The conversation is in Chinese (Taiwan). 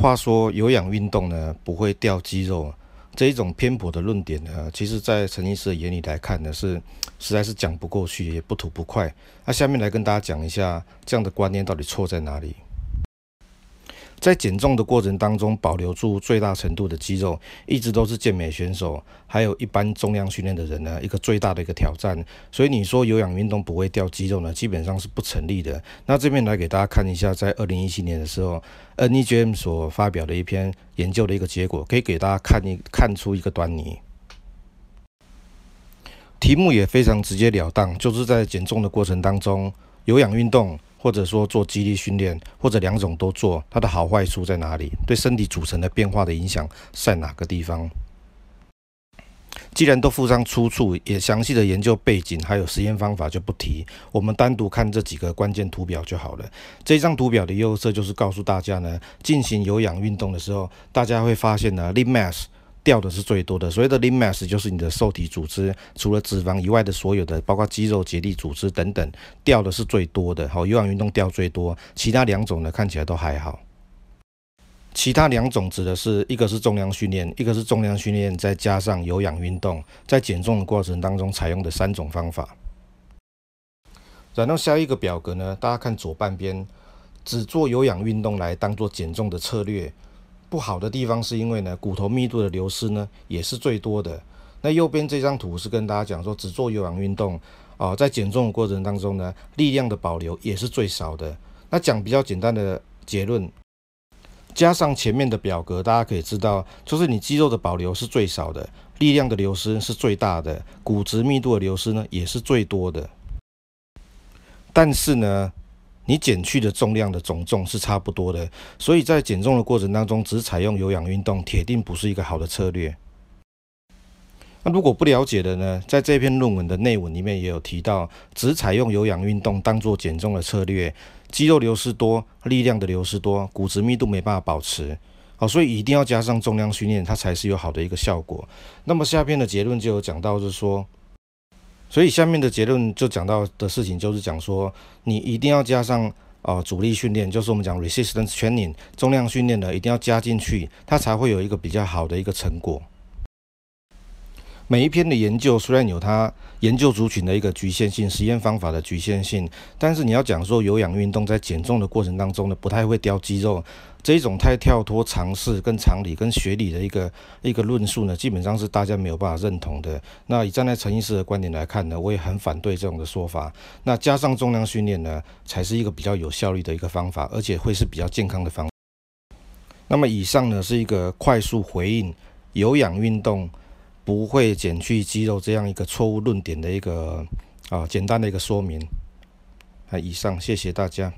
話說有氧運動呢，不會掉肌肉，這一種偏頗的論點呢，其實，在陳醫師的眼裡來看呢，是實在是講不過去，也不吐不快。那下面來跟大家講一下，這樣的觀念到底錯在哪裡。在減重的過程當中，保留住最大程度的肌肉，一直都是健美選手，還有一般重量訓練的人呢，一個最大的一個挑戰。所以你說有氧運動不會掉肌肉呢，基本上是不成立的。那這邊來給大家看一下，在二零一七年的時候，NEJM 所發表的一篇研究的一個結果，可以給大家看一看出一個端倪。題目也非常直截了當，就是在減重的過程當中，有氧運動。或者說做肌力訓練，或者兩種都做，它的好壞處在哪裡？對身體組成的變化的影響在哪個地方？既然都附上出處，也詳細的研究背景，還有實驗方法就不提，我們單獨看這幾個關鍵圖表就好了。這張圖表的右側就是告訴大家呢，進行有氧運動的時候，大家會發現呢，Lean mass。掉的是最多的，所謂的 lean mass 就是你的瘦體組織，除了脂肪以外的所有的，包括肌肉、結締組織等等，掉的是最多的。好，有氧運動掉最多，其他兩種呢，看起來都還好。其他兩種指的是，一個是重量訓練，一個是重量訓練再加上有氧運動，在減重的過程當中採用的三種方法。然後下一個表格呢，大家看左半邊，只做有氧運動來當做減重的策略，不好的地方是因為呢，骨頭密度的流失呢也是最多的。那右邊這張圖是跟大家講說，只做有氧運動啊，呃，在減重的過程當中呢，力量的保留也是最少的。那講比較簡單的結論，加上前面的表格，大家可以知道，就是你肌肉的保留是最少的，力量的流失是最大的，骨質密度的流失呢也是最多的。但是呢。你減去的重量的總重是差不多的，所以在減重的過程當中，只採用有氧運動，鐵定不是一個好的策略。那如果不了解的呢，在這篇論文的內文裡面也有提到，只採用有氧運動當做減重的策略，肌肉流失多，力量的流失多，骨質密度沒辦法保持。好、哦，所以一定要加上重量訓練，它才是有好的一個效果。那麼下篇的結論就有講到就是說。所以下面的結論就講到的事情，就是講說，你一定要加上呃阻力訓練，就是我們講 resistance training，重量訓練的一定要加進去，它才會有一個比較好的一個成果。每一篇的研究雖然有它研究族群的一個局限性，實驗方法的局限性，但是你要講說有氧運動在減重的過程當中呢，不太會掉肌肉，這一種太跳脫常識、跟常理、跟學理的一個一個論述呢，基本上是大家沒有辦法認同的。那以站在陳醫師的觀點來看呢，我也很反對這種的說法。那加上重量訓練呢，才是一個比較有效率的一個方法，而且會是比較健康的方法。那麼以上呢，是一個快速回應有氧運動不會減去肌肉這樣一個錯誤論點的一個啊，簡單的一個說明啊。以上，謝謝大家。